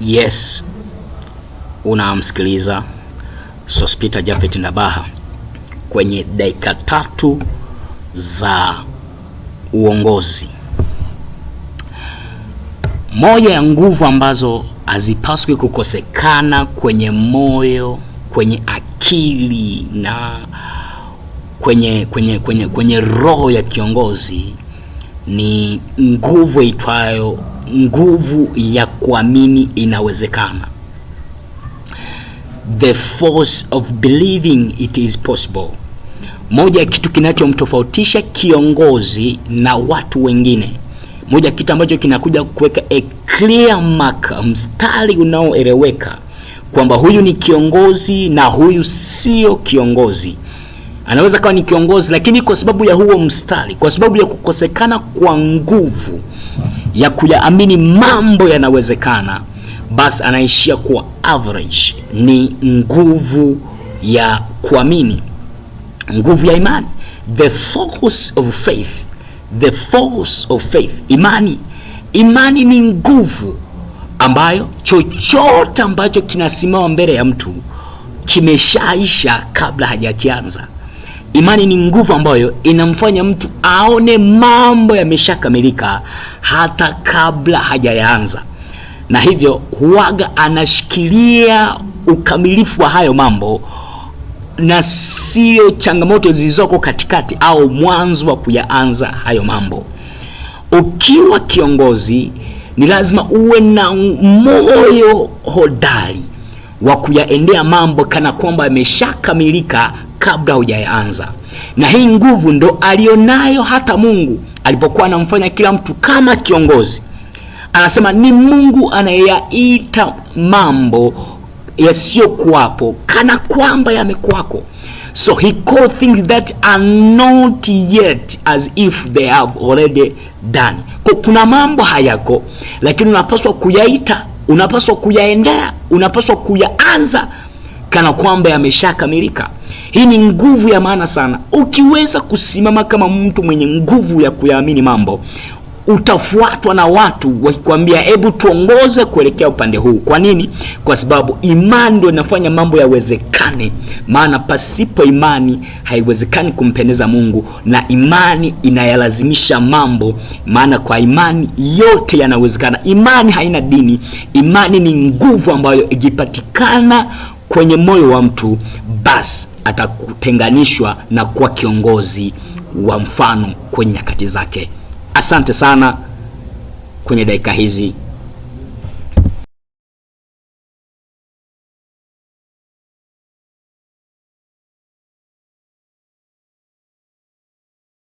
Yes, unamsikiliza Sospita jafet Ndabaha kwenye dakika tatu za uongozi. Moja ya nguvu ambazo hazipaswi kukosekana kwenye moyo, kwenye akili na kwenye kwenye kwenye kwenye roho ya kiongozi ni nguvu itwayo nguvu ya kuamini inawezekana, the force of believing it is possible. Moja ya kitu kinachomtofautisha kiongozi na watu wengine, moja kitu ambacho kinakuja kuweka a clear mark, mstari unaoeleweka kwamba huyu ni kiongozi na huyu sio kiongozi. Anaweza kawa ni kiongozi, lakini kwa sababu ya huo mstari, kwa sababu ya kukosekana kwa nguvu ya kuyaamini mambo yanawezekana, basi anaishia kuwa average. Ni nguvu ya kuamini, nguvu ya imani, the force of faith, the force of faith. Imani, imani ni nguvu ambayo chochote ambacho kinasimama mbele ya mtu kimeshaisha kabla hajakianza. Imani ni nguvu ambayo inamfanya mtu aone mambo yameshakamilika hata kabla hajayaanza, na hivyo huwaga anashikilia ukamilifu wa hayo mambo na sio changamoto zilizoko katikati au mwanzo wa kuyaanza hayo mambo. Ukiwa kiongozi, ni lazima uwe na moyo hodari wa kuyaendea mambo kana kwamba yameshakamilika kabla hujayaanza. Na hii nguvu ndo alionayo hata Mungu alipokuwa anamfanya kila mtu kama kiongozi, anasema ni Mungu anayeyaita mambo yasiyokuwapo kana kwamba yamekuwako. So he called things that are not yet as if they have already done. Kuna mambo hayako, lakini unapaswa kuyaita unapaswa kuyaendea, unapaswa kuyaanza kana kwamba yameshakamilika. Hii ni nguvu ya maana sana. Ukiweza kusimama kama mtu mwenye nguvu ya kuyaamini mambo, utafuatwa na watu wakikwambia, hebu tuongoze kuelekea upande huu. Kwa nini? Kwa sababu imani ndio inafanya mambo yawezekane, maana pasipo imani haiwezekani kumpendeza Mungu, na imani inayalazimisha mambo, maana kwa imani yote yanawezekana. Imani haina dini. Imani ni nguvu ambayo ikipatikana kwenye moyo wa mtu, basi atakutenganishwa na kuwa kiongozi wa mfano kwenye nyakati zake. Asante sana kwenye dakika hizi